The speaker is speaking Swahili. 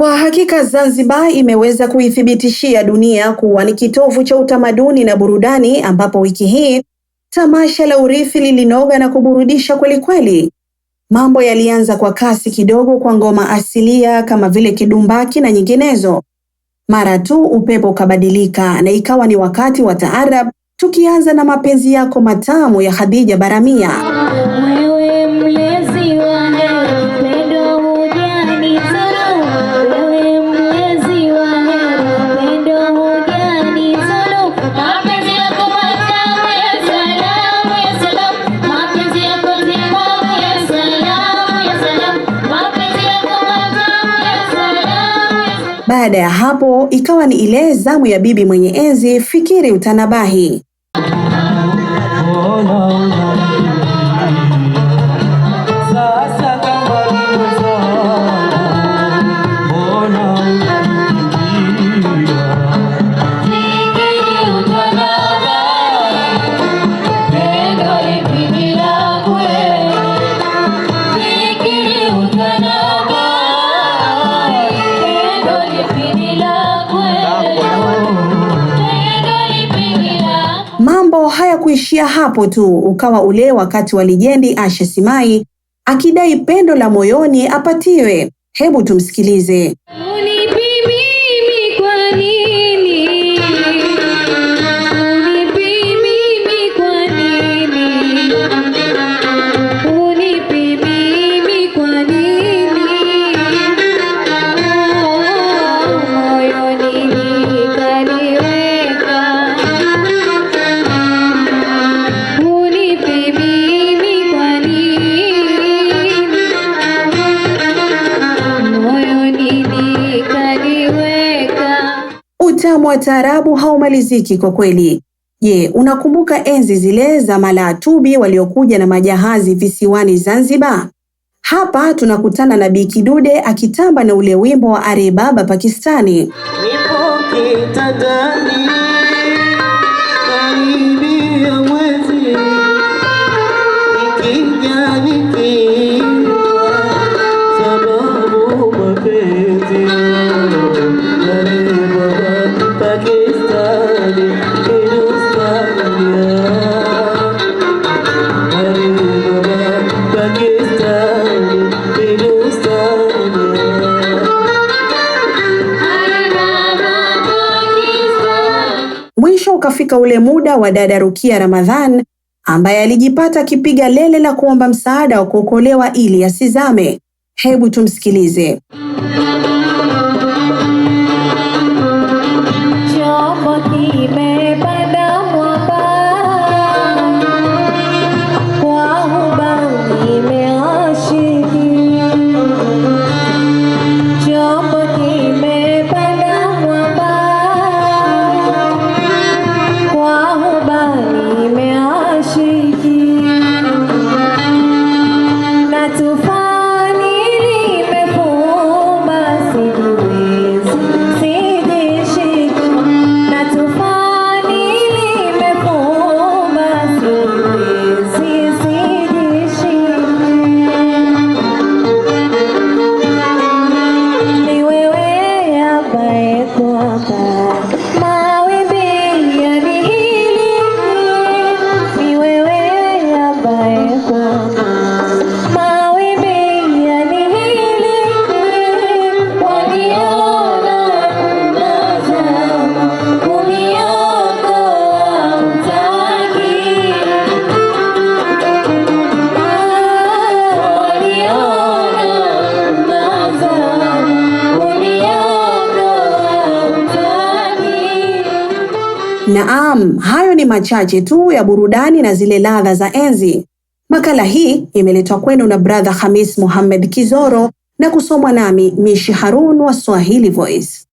Kwa hakika Zanzibar imeweza kuithibitishia dunia kuwa ni kitovu cha utamaduni na burudani, ambapo wiki hii tamasha la Urithi lilinoga na kuburudisha kwelikweli. Mambo yalianza kwa kasi kidogo kwa ngoma asilia kama vile kidumbaki na nyinginezo. Mara tu upepo ukabadilika na ikawa ni wakati wa taarab, tukianza na mapenzi yako matamu ya Khadija Baramia. Baada ya hapo ikawa ni ile zamu ya bibi mwenye enzi fikiri utanabahi kuishia hapo tu, ukawa ule wakati wa lijendi Asha Simai akidai pendo la moyoni apatiwe. Hebu tumsikilize. utamu wa taarabu haumaliziki kwa kweli. Je, unakumbuka enzi zile za Malaatubi waliokuja na majahazi visiwani Zanzibar? Hapa tunakutana na Bi Kidude akitamba na ule wimbo wa Are Baba Pakistani. Nipo kitandani Mwisho ukafika ule muda wa dada Rukia Ramadhan ambaye alijipata akipiga lele la kuomba msaada wa kuokolewa ili asizame. Hebu tumsikilize. Naam, hayo ni machache tu ya burudani na zile ladha za enzi. Makala hii imeletwa kwenu na brother Khamis Mohamed Kizoro na kusomwa nami Mishi Harun wa Swahili Voice.